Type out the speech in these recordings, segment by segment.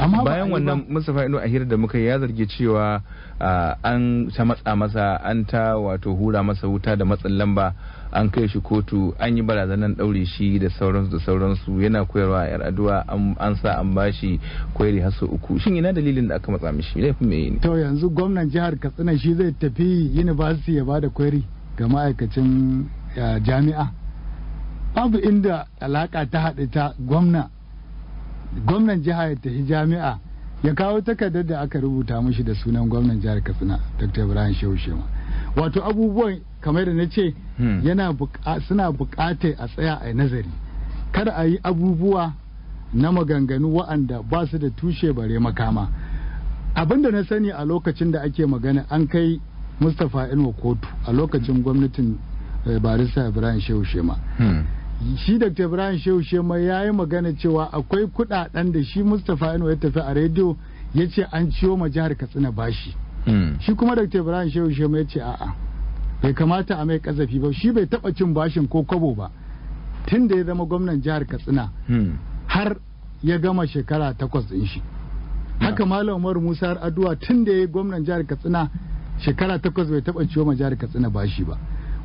bayan wannan Mustapha a hirar da muka ya zargi cewa an ta matsa masa an ta wato hura masa wuta da matsin lamba an kai shi kotu an yi barazanan daure shi da sauransu da sauransu yana koyarwa a yar'aduwa an sa an bashi shi har sau uku shin ina dalilin da aka matsa mishi laifin me ne to yanzu gwamnan jihar Katsina shi zai tafi university ya bada kwairi ga ma'aikacin eh, jami'a babu inda alaka ta haɗe ta gwamna gwamnan jihar ya tafi jami'a ya kawo takardar da aka rubuta mushi da sunan gwamnan jihar katsina dr ibrahim shehu shema wato abubuwan kamar da na ce hmm. Yana suna bukatar a tsaya a nazari kada a yi abubuwa na maganganu wa'anda ba su da tushe bare makama abin da na sani a lokacin da ake magana an kai mustapha inuwa kotu a lokacin gwamnatin eh, barista ibrahim shehu shema hmm. shi da ibrahim shehu shema ya yi magana cewa akwai kudaden da shi mustapha ino ya tafi a rediyo ya ce an ciwo ma jihar katsina bashi hmm. shi kuma da ibrahim shehu shema ya ce a'a bai kamata a mai kazafi ba shi bai taba cin bashin ko kwabo ba tun da ya zama gwamnan jihar katsina hmm. har ya gama shekara takwas din shi haka malam umar musa har aduwa tun da ya yi gwamnan jihar katsina shekara takwas bai taba ciwo ma jihar katsina bashi ba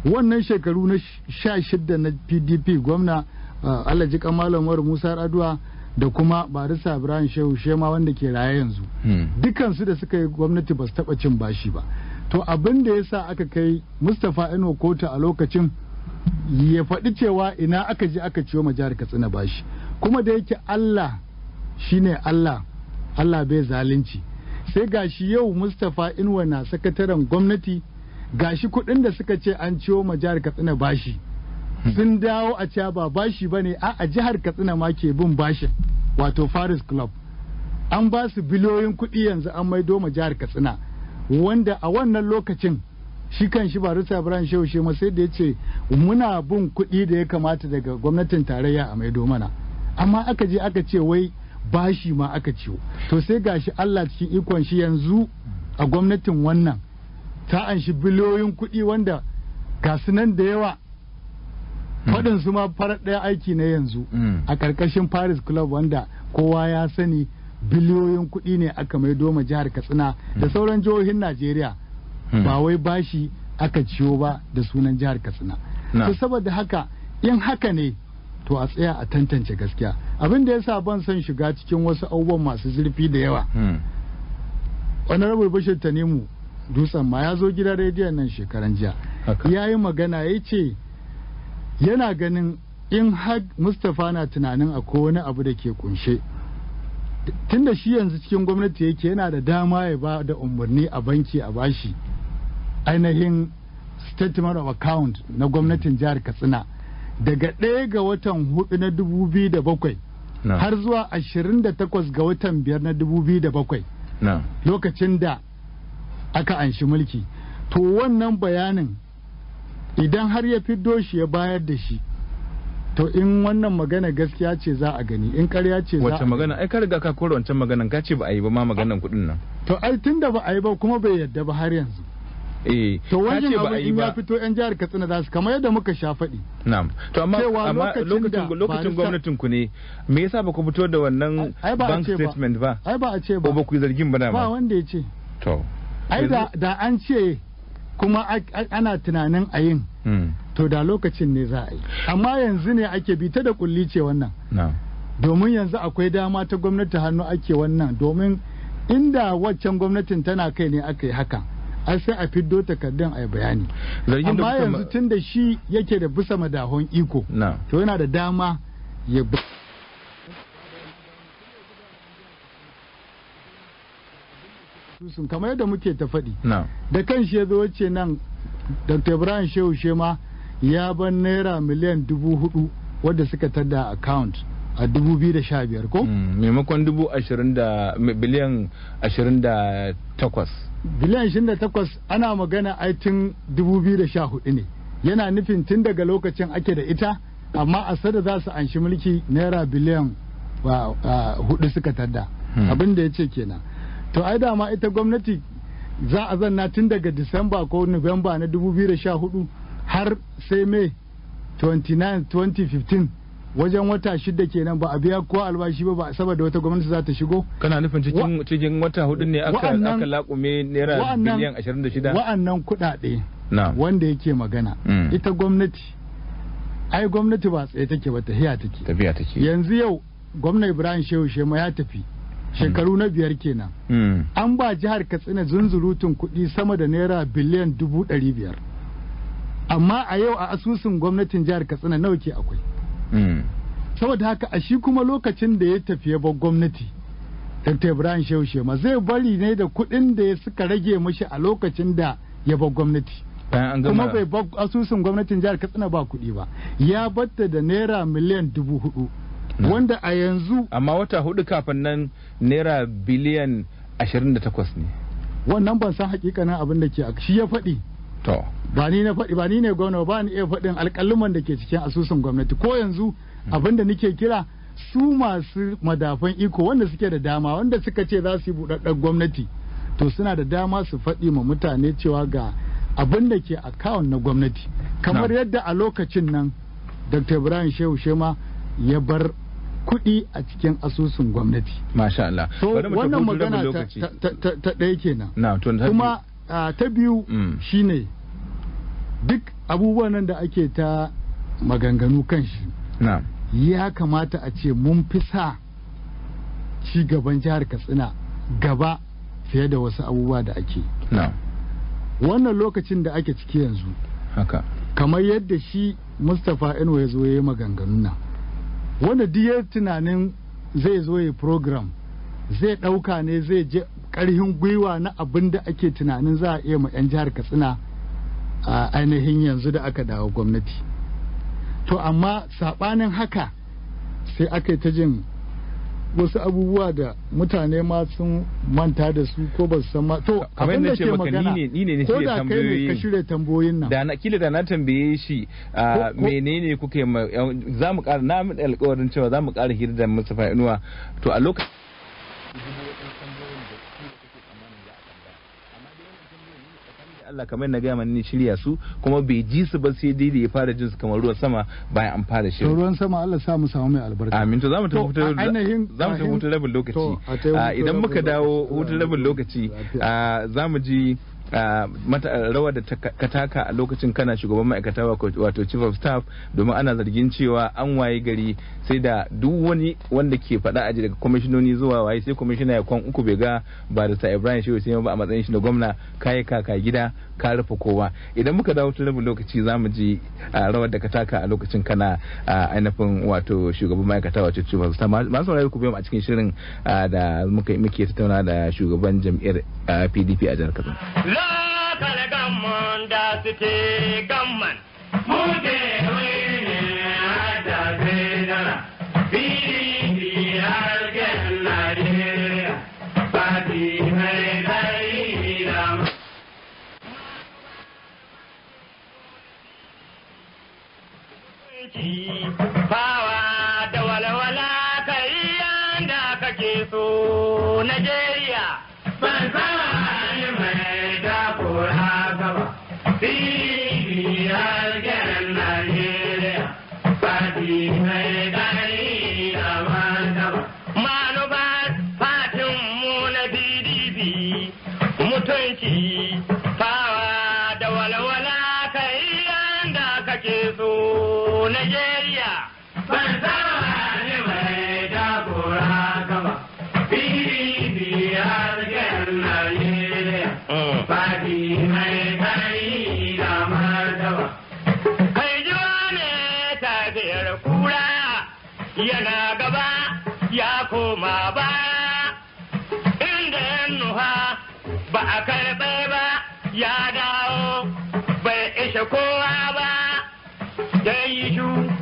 wannan shekaru na sha shida na pdp gwamna uh, alhaji kamalamar musa raduwa da kuma barisa ibrahim shehu shema wanda ke raye yanzu hmm. dukansu da suka yi gwamnati ba su taba cin bashi ba to abin da ya sa aka kai mustapha eno kotu a lokacin ya faɗi cewa ina aka je aka ciwo ma jihar katsina bashi kuma da yake allah shine allah allah bai zalunci sai gashi yau mustapha inuwa na sakataren gwamnati gashi kuɗin da suka ce an ciwo ma jihar katsina bashi hmm. sun dawo a cewa ba bashi ba ne a jihar katsina ma ke bin bashin wato faris club an ba su biliyoyin kuɗi yanzu an maido ma jihar katsina wanda a wannan lokacin shi kan shi ba rusa ibrahim shehu shi ma sai da ya ce muna bin kuɗi da ya kamata daga gwamnatin tarayya a maido mana amma aka je aka ce wai bashi ma aka ciwo to sai gashi allah cikin ikon shi yanzu a gwamnatin wannan ta anshi biliyoyin kuɗi wanda ga nan da yawa hmm. faɗin su ma farar ɗaya aiki na yanzu hmm. a ƙarƙashin paris club wanda kowa ya sani biliyoyin kuɗi ne aka mai doma jihar katsina da hmm. sauran jihohin najeriya ba wai bashi aka ciyo ba da sunan jihar katsina to saboda haka in haka ne to a tsaya a tantance gaskiya abin da ya sa ban son shiga cikin wasu abubuwan masu zurfi da yawa honorable bashir tanimu dusan ma ya zo gida rediyon nan shekaran jiya ya yi magana ya ce yana ganin in har mustapha na tunanin akwai wani abu da ke kunshe tun da shi yanzu cikin gwamnati yake yana da dama ya ba da umarni a banki a bashi ainihin statement of account na gwamnatin jihar katsina daga ɗaya ga watan hudu na 2007 har zuwa 28 ga watan biyar na 2007 lokacin da aka anshi mulki to wannan bayanin idan har ya fiddo shi ya bayar da shi to in wannan magana gaskiya ce za a gani in karya ce za a wacce magana ai ka riga ka kore wancan maganan ka ce ba a yi ba ma maganan kuɗin nan to ai tunda ba a yi ba kuma bai yadda ba har yanzu eh to wajen abin in ya fito yan jihar Katsina za su kamar yadda muka sha faɗi na'am to amma lokacin lokacin gwamnatin ku ne me yasa ba ku fito da wannan bank statement ba ai ba a ce ba ba ku zargin ba ba wanda ya ce to ai da an ce kuma ana tunanin a yin hmm. to da lokacin ne za a yi amma yanzu ne ake bi ta da kulli ce wannan domin yanzu akwai dama ta gwamnati hannu ake wannan domin inda waccan gwamnatin tana kai ne aka yi haka. ai sai a fiddo takardun a yi bayani amma yanzu tun da shi yake da bisa madahon iko to yana da dama ya sun kamar yadda muke ta faɗi da kan shi ya zo wace nan dr ibrahim shehu shema ya ban naira miliyan dubu hudu wadda suka tada account a dubu biyu da sha biyar ko mm, maimakon dubu ashirin da biliyan ashirin da takwas biliyan ashirin da takwas ana magana aitin dubu biyu da sha hudu ne yana nufin tun daga lokacin ake da ita amma a sada za su anshi mulki naira biliyan hudu suka tadda hmm. abin da ya ce kenan to ai dama ita gwamnati za a zanna tun daga disamba ko november na 2014 har sai mai 29 2015 wajen wata shida kenan ba a biya ko albashi ba saboda wata gwamnati za ta shigo kana nufin cikin cikin wata hudu ne aka aka laƙume naira biliyan 26 wa'annan kuɗaɗe wanda yake magana mm. ita gwamnati ai gwamnati ba tsaye take ba tafiya take tafiya take yanzu yau gwamnati Ibrahim Shehu Shema ya tafi shekaru na biyar kenan hmm. an ba jihar katsina zunzurutun kuɗi sama da naira biliyan dubu ɗari biyar amma a yau a asusun gwamnatin jihar katsina nawa ke akwai hmm. saboda haka a shi kuma lokacin da ya tafi yabon gwamnati Dr. Ibrahim Shehu ma zai bari ne da kuɗin da ya suka rage mashi a lokacin da ya gwamnati. Kuma bai bar asusun gwamnatin jihar Katsina ba kuɗi ba. Ya batta da naira miliyan dubu hudu. Hmm. wanda a yanzu amma wata hudu kafin nan naira biliyan 28 ne wannan ban san hakikanin abin da ke shi ya faɗi to ba ni na faɗi ba ni ne gwamna ba ni iya faɗin alƙaluman da ke cikin asusun gwamnati ko yanzu hmm. abin da nake kira su masu madafan iko wanda suke da dama wanda suka ce za su yi buɗaɗɗen gwamnati to suna da dama su faɗi ma mutane cewa ga abin da ke kawon na gwamnati kamar yadda a lokacin nan dr ibrahim shehu shema ya bar kuɗi a cikin asusun gwamnati masha Allah so wannan magana ta ɗaya kenan kuma ah, ta biyu mm. Shi ne duk abubuwan nan da ake ta maganganu kan shi ya kamata a ce mun fi sa ci gaban jihar katsina gaba fiye da wasu abubuwa da ake wannan lokacin da ake ciki yanzu kamar yadda shi mustapha inuwa ya zo ya yi maganganu nan wanda diye tunanin zai zo ya program zai ɗauka ne zai je ƙarhin gwiwa na abin da ake tunanin za a iya ma 'yan jihar katsina a ainihin yanzu da aka dawo gwamnati to amma saɓanin haka sai aka yi ta jin wasu abubuwa da mutane ma sun manta da su ko ba su san ma to abin da ke magana ni ne ko da kai ne ka shirya tambayoyin nan da na kila da na tambaye shi menene kuke eh, za mu ƙara na mu alƙawarin cewa za mu ƙara hirar da Mustafa Inuwa to a lokacin Allah kamar na gaya ni shirya su kuma bai ji su ba sai dai da ya fara jin su kamar ruwan sama bayan an fara shirya. ruwan sama Allah sa mu samu mai albarka. Amin to za mu tafi hutu za rabin lokaci. Ah, idan muka dawo hutu rabin lokaci ah, za mu ji mata rawar da ka taka a lokacin kana shugaban ma'aikata wato chief of staff domin ana zargin cewa an waye gari sai da duk wani wanda ke faɗa aji daga kwamishinoni zuwa waye sai kwamishina ya kwan uku bai ga ba da ibrahim shehu sai ba a matsayin shi na gwamna kayi kaka gida ka rufe kowa idan muka dawo tun rabin lokaci za mu ji rawar da ka taka a lokacin kana ainihin wato shugaban ma'aikata wato chief of staff masu saurari ku biyu a cikin shirin da muke tattauna da shugaban jam'iyyar pdp a jihar kaduna lokal gamman da suke gamman. Mu ke ne a da zinara, PDP har gen Najeriya, Fati mai zai da Fawa da walwala kai yanda kake so Najeriya. Ban kowa ba, ya yi shu.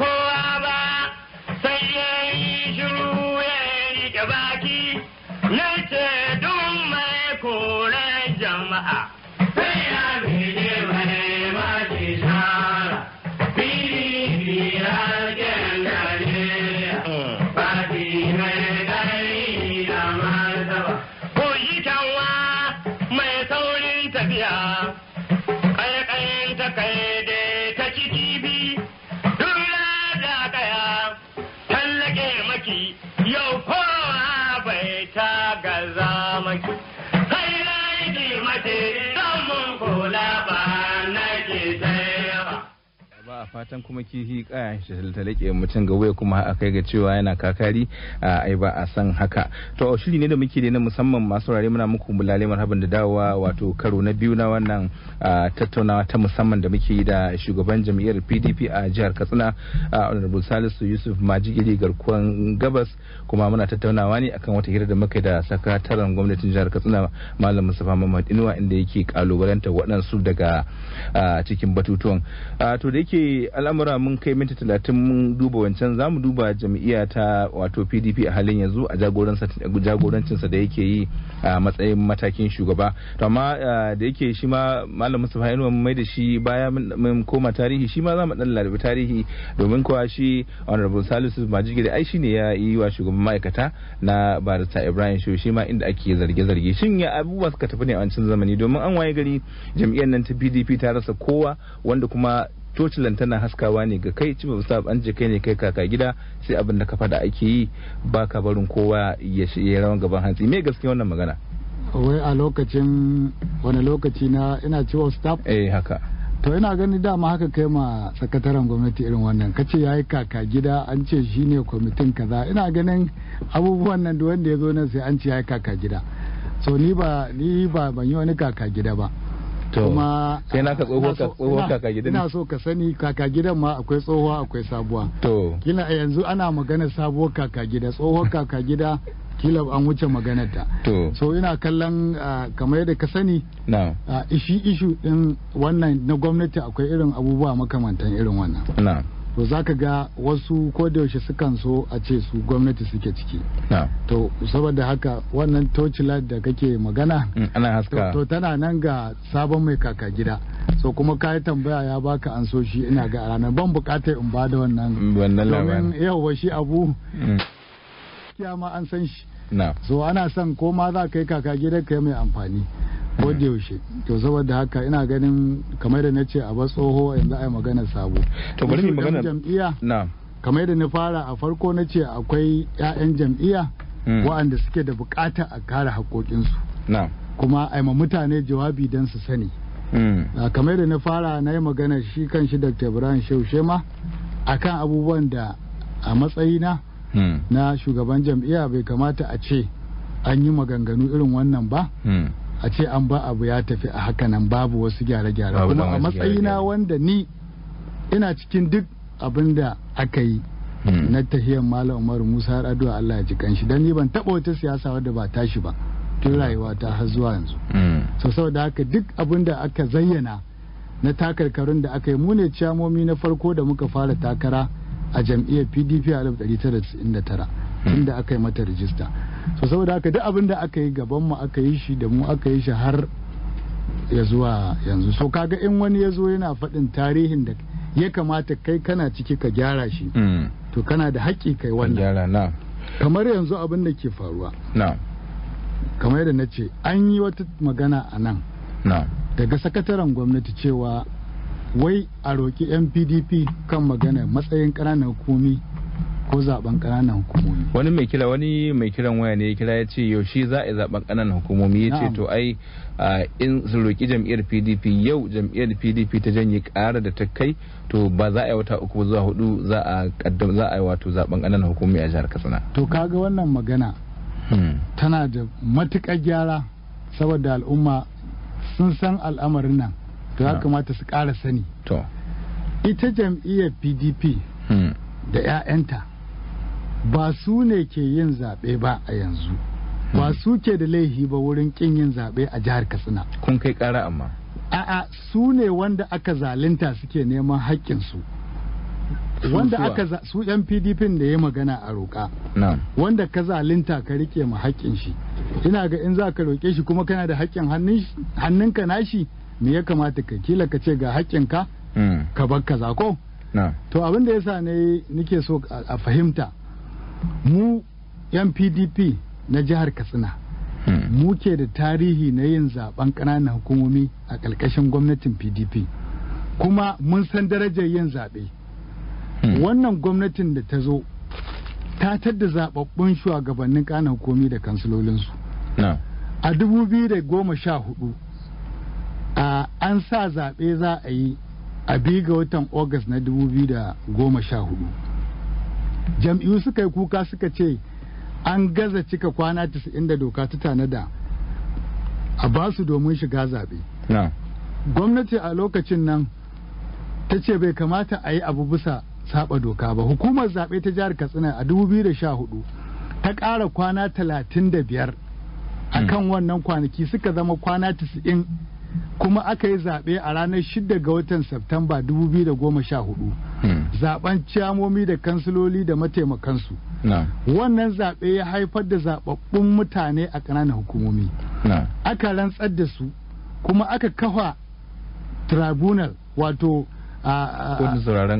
रखो fatan kuma kifi kaya shi talake mutum ga waya kuma a kai ga cewa yana kakari ai ba a san haka to shiri ne da muke da na musamman masu rare muna muku bulale marhaban da dawowa wato karo na biyu na wannan tattaunawa ta musamman da muke yi da shugaban jam'iyyar PDP a jihar Katsina a Honorable Salisu Yusuf Majigiri garkuwan gabas kuma muna tattaunawa ne akan wata hira da muka da sakataren gwamnatin jihar Katsina Malam Mustafa Muhammad Inuwa inda yake kalubalanta waɗansu daga cikin batutuwan to da yake al'amura mun kai minti talatin mun duba wancan za mu duba jam'iyya ta wato pdp a halin yanzu a jagorancinsa da yake yi a matsayin matakin shugaba to amma da yake shi ma malam mustapha yanuwa mai da shi baya mun koma tarihi shi ma za mu dan larabi tarihi domin kuwa shi honorable salisu majigiri ai ne ya yi wa shugaban ma'aikata na barista ibrahim shehu shi ma inda ake zarge-zarge shin ya abubuwa suka tafi ne a wancan zamani domin an waye gari jam'iyyar nan ta pdp ta rasa kowa wanda kuma tocilan tana haskawa ne ga kai ci sa an je kai ne kai kaka gida sai abin da ka fada ake yi ba ka barin kowa ya yi rawan gaban hantsi me gaskiya wannan magana wai a lokacin wani lokaci na ina ciwo staff eh haka to ina gani dama haka kai ma sakataren gwamnati irin wannan kace yayi kaka gida an ce shine kwamitin kaza ina ganin abubuwan nan da wanda ya zo nan sai an ce yayi kaka gida so ni ba ni ba ban yi wani kaka gida ba kuma sai na ka tsoho kaka gidan ina so ka sani kaka gidan ma akwai tsohuwa akwai sabuwa to kila yanzu ana magana sabuwar kaka gida tsohuwar kaka gida kila an wuce maganar ta so ina kallon ah, kamar yadda ka sani Na. Ah, ishi ishu din wannan na gwamnati akwai irin abubuwa makamantan irin wannan to za ka ga wasu kodayaushe sukan so a ce su gwamnati suke ciki to saboda haka wannan tocilar da kake magana mm, to tana nan ga sabon mai kaka gida so kuma ka yi tambaya ya baka an so shi ina ga ranar ban bukatar in ba da wannan domin yau shi abu kiyama mm. an san shi so ana son ko ma za ka yi kaka gida ka yi mai amfani yaushe to saboda haka ina ganin kamar da na ce a ba tsoho yanzu yi magana sabo to bari mu magana jam'iyya na kamar da na fara a farko na ce akwai 'ya'yan jam'iyya hmm. wa'anda suke da bukata a kare haƙoƙinsu na kuma ai ma mutane jawabi don su sani hmm. kamar da na fara na yi magana shi kan shi dr ibrahim shehu shema akan abubuwan da a matsayina hmm. na shugaban jam'iyya bai kamata a ce an yi maganganu irin wannan ba a ce an ba abu ya tafi a hakanan babu wasu gyare-gyare kuma a matsayina wanda ni ina cikin duk abin da aka yi hmm. na tahiyar malam umar musa har addu'a allah ya ji kanshi don ni ban taɓa wata siyasa wadda ba ta shi ba tun hmm. rayuwa ta har zuwa yanzu hmm. so saboda haka duk abin da aka zayyana na takarkarun da aka yi mu ne ciyamomi na farko da muka fara takara a jam'iyyar pdp a 1999 tun da aka yi mata rijista so saboda haka duk abin da aka yi gaban mu aka yi shi da mu aka yi shi har ya zuwa yanzu so kaga in wani ya zo yana faɗin tarihin da ya kamata kai kana ciki ka gyara shi hmm. to kana da haƙƙi kai wannan kamar yanzu abin da ke faruwa kamar yadda na ce an yi wata magana a nan daga sakataren gwamnati cewa wai a roƙi 'yan kan magana matsayin ƙananan hukumi ko zaben ƙananan hukumomi wani mai kira wani mai kiran waya ne ya kira ya ce yau shi za a zaben ƙananan hukumomi ya ce to ai in su roki jam'iyyar pdp yau jam'iyyar pdp ta janye ƙara da ta kai to ba za a yi wata uku zuwa hudu za a kaddam za a yi wato zaben ƙananan hukumomi a jihar katsina to kaga wannan magana hmm. tana da matuƙar gyara saboda al'umma sun san al'amarin nan to ya kamata su ƙara sani ita jam'iyyar pdp hmm. da 'ya'yanta ba su ne ke yin zaɓe ba a yanzu ba hmm. su ke da laihi ba wurin kin yin zaɓe a jihar katsina kun kai ƙara amma a'a su ne wanda aka zalunta suke neman haƙƙinsu wanda aka su yan pdp da ya magana a roƙa wanda ka zalunta ka rike ma haƙƙin shi ina ga in za ka roƙe shi kuma kana da haƙƙin hannunka nashi me ya kamata ka kila ka ce ga haƙƙinka hmm. ka bar kaza ko to abinda da yasa ne nike so a fahimta mu yan pdp na jihar katsina hmm. mu ke da tarihi na yin zaben ƙananan hukumomi a ƙarƙashin gwamnatin pdp kuma mun san darajar yin zaɓe hmm. wannan gwamnatin da ta zo ta tadda zaɓaɓɓun shugabannin ƙananan hukumomi da kansulolinsu a 2014 an sa zaɓe za a yi a biyu ga watan Agas na 2014 jam'iyyu suka yi kuka suka ce an gaza cika kwana 90 da doka ta tanada a ba su domin shiga zaɓe gwamnati a lokacin nan ta ce bai kamata a yi abu bisa saba doka ba hukumar zaɓe ta jihar katsina a 2014 ta ƙara kwana 35 a hmm. kan wannan kwanaki suka zama kwana 90 kuma aka yi zaɓe a ranar 6 ga watan Septamba 2014 Hmm. zaben ciyamomi da kansiloli da mataimakansu wannan zaɓe ya haifar da zaɓaɓɓun mutane a ƙananan hukumomi aka rantsar da su kuma aka kafa tribunal wato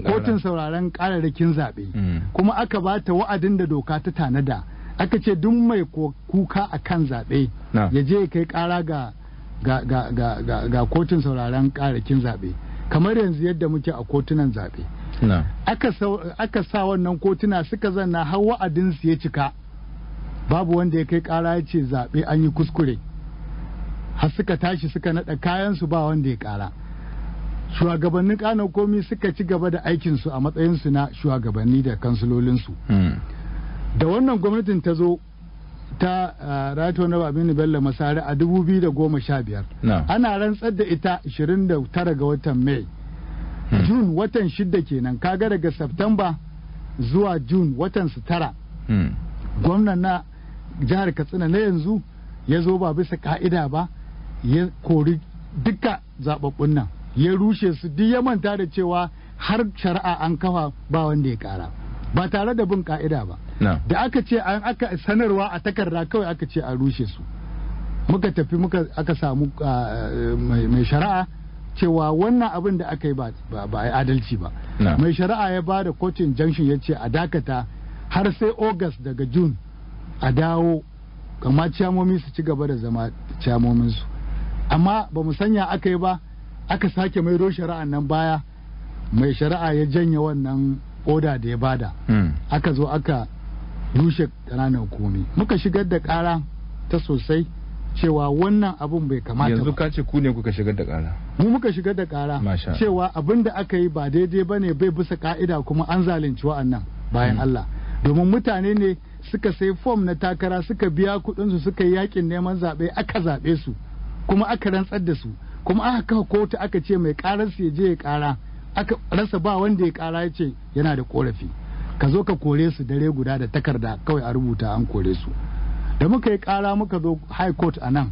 kotun sauraron kararrakin zaɓe hmm. kuma aka ba ta wa'adin da doka ta tanada aka ce duk mai kuka a kan zaɓe ya je kai ƙara ga kotun sauraron kararrakin zaɓe kamar yanzu yadda muke a kotunan zaɓe aka sa wannan kotuna suka zanna har wa'adinsu ya cika babu wanda ya kai kara ya ce zaɓe an yi kuskure har suka tashi suka naɗa kayansu ba wanda ya kara shugabannin kano komi suka ci gaba da aikinsu a matsayinsu na shugabanni da kansulolinsu hmm. da wannan gwamnatin ta zo ta rato na babin bello masari a 2015 ana rantsar da ita 29 ga watan mai Hmm. june watan shida kenan kaga daga september zuwa june watan su tara hmm. gwamnan na jihar katsina na yanzu ya zo ba bisa ka'ida ba ya kori duka zababbun nan ya rushe su duk ya manta da cewa har shari'a an kafa ba wanda ya kara ba tare da bin ka'ida ba da aka ce an aka sanarwa a takarda kawai aka ce a rushe su muka tafi muka aka samu ah, mai shari'a cewa wannan abin da aka yi ba a adalci ba mai shari'a ya ba da kotun junction ya ce a dakata har sai august daga jun a dawo kama ciyamomi su ci gaba da zama ciyamominsu amma ba mu sanya aka yi ba aka sake mai ro shari'a nan baya mai shari'a ya janye wannan oda da ya bada hmm. aka zo aka rushe ƙananan komi muka shigar da ƙara ta sosai cewa wannan abun bai kamata yanzu ka ku ne kuka shigar da ƙara mu muka shiga da kara cewa abin da aka yi ba daidai ba ne bai bisa ka'ida kuma an zalunci wa'annan bayan hmm. Allah domin mutane ne suka sai fom na takara suka biya kuɗinsu suka yi yakin neman zaɓe aka zaɓe su kuma aka rantsar da su kuma aka kawo kotu aka ce mai karar su ya je ya kara aka rasa ba wanda ya kara ya ce yana da korafi ka zo ka kore su dare guda da takarda kawai a rubuta an kore su da muka yi kara muka zo high court a nan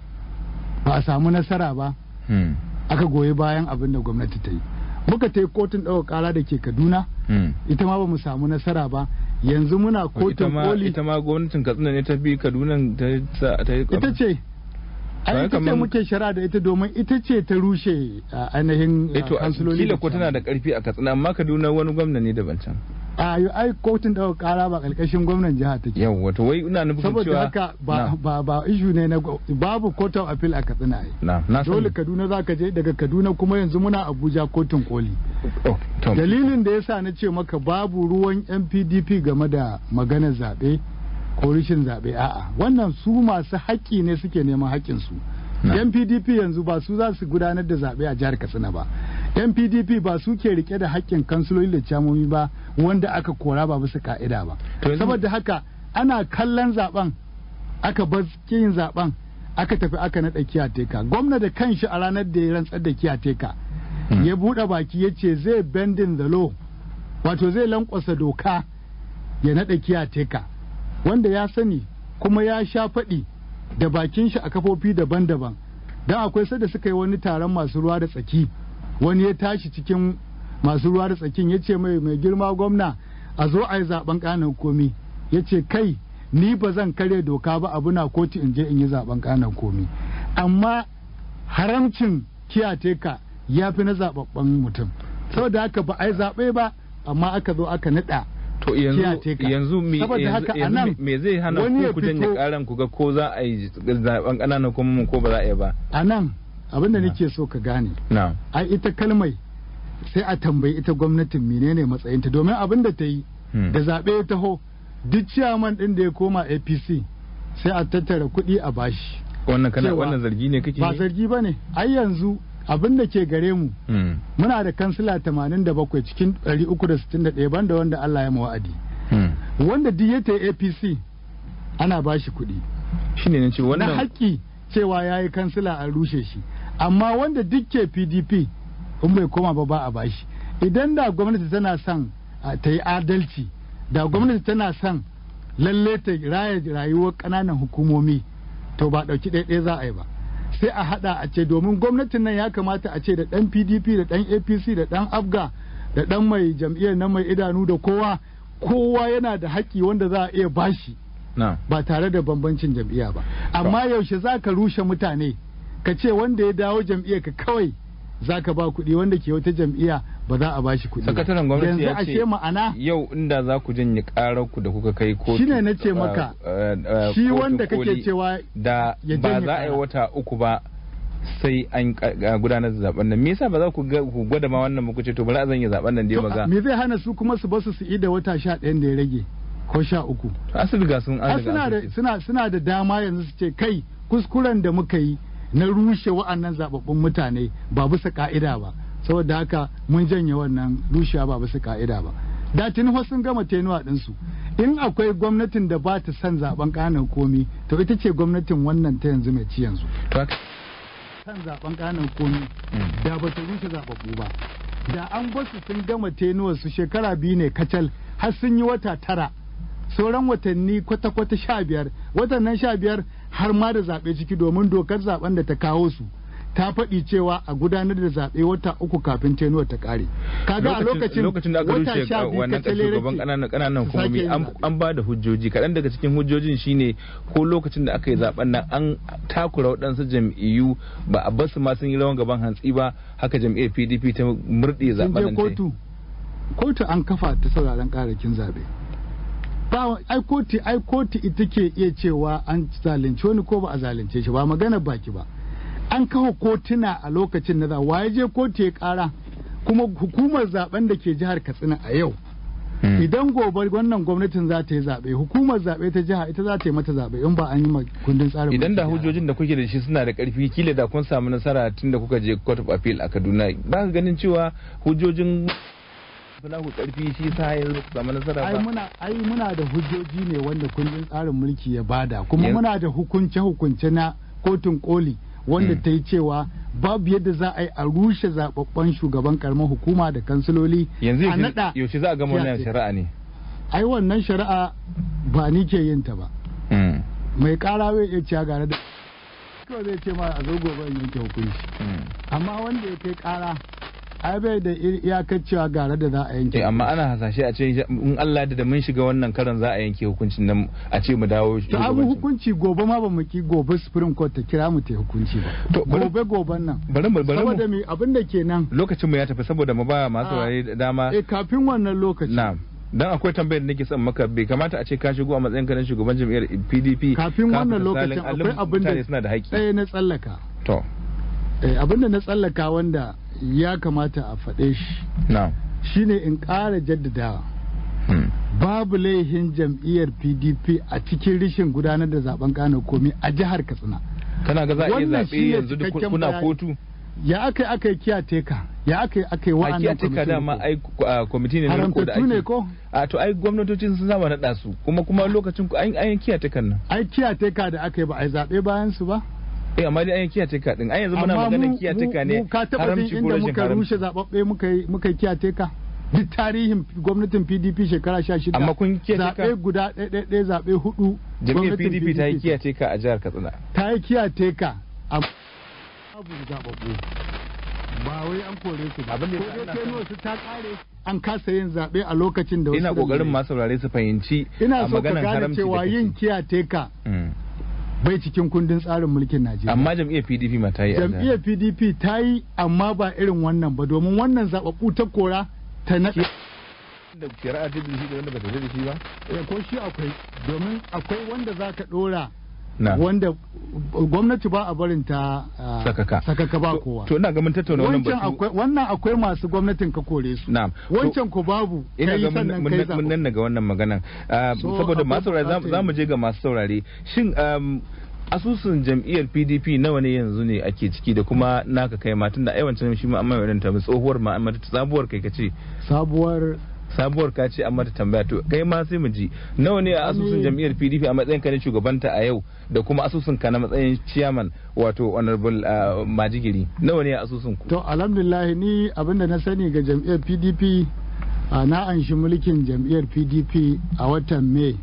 ba a samu nasara ba hmm. aka goyi bayan abin da gwamnati ta yi muka ta yi kotun ɗaga kara da ke kaduna hmm. ita ma ba mu samu nasara ba yanzu muna kotun koli ita ma gwamnatin katsina ne ta bi kaduna ta yi ita ce ai ita ce muke shara da ita domin ita ce ta rushe ainihin eh kansuloli kila ko tana da karfi a katsina amma kaduna wani gwamna ne daban can a yi ai kotun ɗaukar kara ba ƙarƙashin gwamnan jiha take yau wato wai ina nufin cewa saboda haka ba ba ishu ne na babu of appeal a katsina ai na dole kaduna za je daga kaduna kuma yanzu muna abuja kotun koli oh, dalilin da yasa na ce maka babu ruwan npdp game da maganar zaɓe ko rishin zaɓe a'a wannan su masu haƙƙi ne suke neman haƙƙin su NPDP yanzu ba su za su gudanar da zaɓe a jihar katsina ba yan pdp ba su ke rike da haƙƙin kansiloli da camomi ba wanda aka kora ba bisa ka'ida ba saboda haka ana kallon zaben aka bar yin zaben aka tafi aka naɗa kiyateka gwamna da kanshi a ranar da ya rantsar da kiyateka hmm. ya buɗe baki ya ce zai bendin the law wato zai lankwasa doka ya naɗa kiyateka wanda ya sani kuma ya sha faɗi da bakin shi a kafofi daban-daban don akwai sada suka yi wani taron masu ruwa da tsaki wani ya tashi cikin masu ruwa da tsakin ya ce mai mai girma gwamna a zo a yi zaben kanan komi ya ce kai ni ba zan kare doka ba abu na kotu in je in yi zaben kanan komi amma haramcin kiyateka ya fi na zaɓaɓɓen mutum saboda haka ba a yi zaɓe ba amma aka zo aka naɗa to yanzu me zai hana ku kujin ya karan ku ga ko za a yi zaben ƙananan kuma ko ba za a yi ba abin da nake so ka gane a ita kalmai sai a tambayi ita gwamnatin menene matsayinta domin abin da ta yi hmm. da zaɓe ya taho duk ciyaman ɗin da ya koma apc sai a tattara kuɗi a bashi wannan kana wannan zargi ne kake ba zargi bane ai yanzu abin da ke gare mu hmm. muna da kansila 87 cikin 361 banda wanda Allah ya mawa'adi hmm. wanda duk ya ta APC ana bashi kuɗi shine ne ce wannan na haƙƙi cewa yayi kansila an rushe shi amma wanda dukke pdp in bai koma ba ba a bashi idan da gwamnati tana son ta yi adalci da gwamnati tana son lalle ta raya rayuwar ƙananan hukumomi to ba ɗauki ɗaiɗaya za a yi ba sai a haɗa a ce domin gwamnatin nan ya kamata a ce da ɗan pdp da ɗan apc da ɗan afga da ɗan mai jam'iyyar nan mai idanu da kowa kowa yana da haƙƙi wanda za a iya bashi ba tare da bambancin jam'iyya ba amma yaushe za ka rushe mutane ka ce wanda ya dawo jam'iyyar ka kawai za ka ba kuɗi wanda ke wata jam'iyya ba za a ba shi kuɗi. Sakataren gwamnati ya ce ma'ana yau inda za ku janye ƙarar ku da kuka kai kotu. Shine na ce uh, maka uh, uh, shi wanda kake cewa da ba za a yi wata uku ba sai an gudanar da zaben nan me yasa ba za ku gwada ma wannan muku ce to bari a zanye zaben nan da maza me zai hana su kuma su basu su ida wata sha ɗayan da ya rage ko sha uku to ga sun suna da dama yanzu su ce kai kuskuren da muka yi na rushe wa'annan zababbun mutane ba bisa ka'ida ba saboda haka mun janye wannan rushewa ba bisa ka'ida ba da tuni sun gama tenuwa su in akwai gwamnatin da ba ta son zaben ƙananan komi to ita ce gwamnatin wannan ta yanzu mai ci yanzu kan zaben ƙananan komi da ba ta rushe zababbu ba da an basu sun gama tenuwa su shekara biyu ne kacal har sun yi wata tara sauran watanni kwata-kwata sha biyar watannan sha biyar har ma da zaɓe ciki domin dokar zaɓen da ta kawo su ta faɗi cewa a gudanar da zaɓe wata uku kafin tenuwa ta ƙare kaga a lokacin lokacin da aka rushe wannan ƙarshe gaban ƙananan ƙananan hukumomi an ba da hujjoji kaɗan daga cikin hujjojin shine ko lokacin da aka yi zaɓen nan an takura waɗansu jam'iyyu ba a basu ma sun yi rawan gaban hantsi ba haka jam'iyyar pdp ta murɗe zaɓen nan kotu kotu an kafa ta sauraron ƙarakin zaɓe ba ai aikoti ita ke iya cewa an zalunce wani ko ba a zalunce shi ba magana baki ba an kawo kotuna a lokacin na ya je kotu ya kara kuma hukumar zaben da ke jihar Katsina a yau hmm. idan gobe wannan gwamnatin za ta yi zaɓe hukumar zaɓe ta jiha ita za ta yi mata zaɓe in ba an yi kundin tsarin idan da hujjojin da kuke da shi suna da ƙarfi kila da kun samu nasara tun da kuka je court of appeal a kaduna ba ganin cewa hujjojin fi karfi shi sa yanzu ku samu nasara ba ai muna ai muna da hujjoji ne wanda kundin tsarin mulki ya bada kuma muna da hukunce hukunce na kotun koli wanda hmm. ta yi cewa babu yadda za a yi a rushe zaɓaɓɓen shugaban karamar hukuma da kansiloli yanzu yaushe za a gama wannan shari'a ne ai wannan shari'a ba ni ke yin ta ba hmm. mai kara wai ya ciya gare da kawai zai ce ma a zo gobe yanke hukunci hmm. amma wanda ya kai kara ai bai da iyakar cewa gara da za a yanke eh, amma ana hasashe a ce in Allah da mun shiga wannan karan za a yanke hukuncin nan a ce mu dawo to abu hukunci gobe ma ba mu ki gobe supreme court ta kira mu ta hukunci ba gobe goben nan bari mu bari saboda mi abin da kenan lokacin mu ya tafi saboda mu ba masu ah. wani dama eh kafin wannan lokacin. na'am dan akwai tambayar da nake son maka bai kamata a ce ka shigo a matsayin kanin shugaban jam'iyyar PDP kafin wannan lokacin akwai abin da suna da haƙƙi na tsallaka to eh, abin da na tsallaka wanda ya kamata a faɗe shi Shi ne in ƙara jaddadawa hmm. babu laihin jam'iyyar pdp a cikin rishin gudanar da zaben kano komi a jihar katsina tana ga za a iya zaɓe yanzu kuna kotu ya aka aka yi kiyate ka ya aka yi aka yi wa'annan kwamitin teka dama ai kwamiti ne ko da ake ko a to ai gwamnatocin sun zama naɗa su kuma kuma lokacin ku an kiyate kan nan ai kiyateka da aka yi ba a zaɓe bayan su ba eh amma dai an kiya teka din an yanzu muna magana kiya teka ne ka taba jin inda muka rushe zababbe muka muka kiya teka duk tarihin gwamnatin PDP shekara 16 amma kun kiya teka zabe guda ɗaya ɗaya zabe hudu jami'in PDP ta yi kiya teka a jihar Katsina ta yi kiya teka amma babu zababbe ba wai an kore su ba dai da ne su ta kare an kasa yin zaɓe a lokacin da wasu ina kokarin masu saurare su fahimci ina so ka gane cewa yin kiya teka mm. bai cikin kundin tsarin mulkin Najeriya. Amma jam'iyyar PDP ma ta yi. Jam'iyyar PDP ta yi amma ba irin wannan ba domin wannan zaɓaɓɓu ta kora ta na. Da shari'a ta da wanda ba ta da shi ba? Eh, ko shi akwai domin akwai wanda za ka ɗora wanda gwamnati ba a barin ta ah, sakaka ba kowa to ina ga mun tattauna wannan batu wannan akwai masu gwamnatin ka kore su na'am wancan ku babu ina ga mun nan ga wannan maganan ah, saboda masu saurari za mu je ga masu saurari shin um, asusun jam'iyyar pdp nawa ne yanzu ne ake ciki da kuma naka kai ma tunda aiwancin shi ma amma irin tsohuwar ma amma sabuwar kai kace sabuwar sabuwar ka ce amma ta tambaya to kai ma sai mu ji nawa ne a asusun jam'iyyar PDP a matsayin ka na shugabanta a yau da kuma asusun ka na matsayin chairman wato honorable uh, Majigiri nawa ne a asusun ku to alhamdulillah ni abinda na sani ga jam'iyyar PDP na anshi mulkin jam'iyyar PDP a watan Mai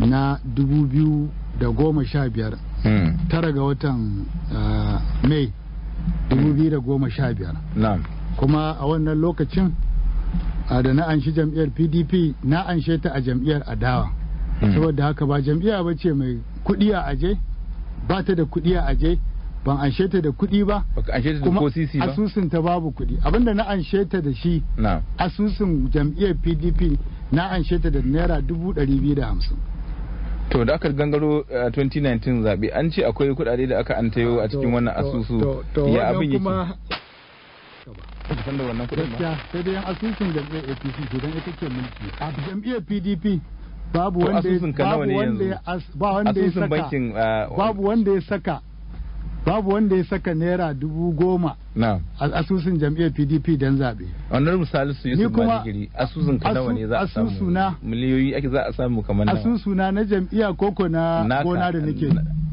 na 2015 hmm. tara ga watan uh, Mai 2015 kuma a wannan lokacin da na anshi jam'iyyar pdp na anshe ta a jam'iyyar adawa hmm. saboda haka ba jam'iyya ba ce mai kuɗi a aje ba ta da kuɗi a aje ban anshe ta da kuɗi ba kuma asusun ta babu kuɗi abinda na anshe ta da shi asusun jam'iyyar pdp na anshe ta da naira dubu dari biyu da hamsin to da aka gangaro 2019 eh, zaɓe an ce akwai kuɗaɗe da aka antayo a ah, cikin wannan asusu ya abin yake ba ta san da wannan kuɗin ba sai dai asusun jam'iyyar APC to dan ita ce mulki a jam'iyyar PDP babu wanda babu wanda ya ba wanda ya saka uh, babu wanda ya saka babu wanda ya saka naira dubu goma a asusun jam'iyyar pdp don zaɓe wannan misali su yusuf maligiri asusun ka nawa ne za a samu miliyoyi ake za a samu kamar nawa asusuna na jam'iyya koko na gona da nake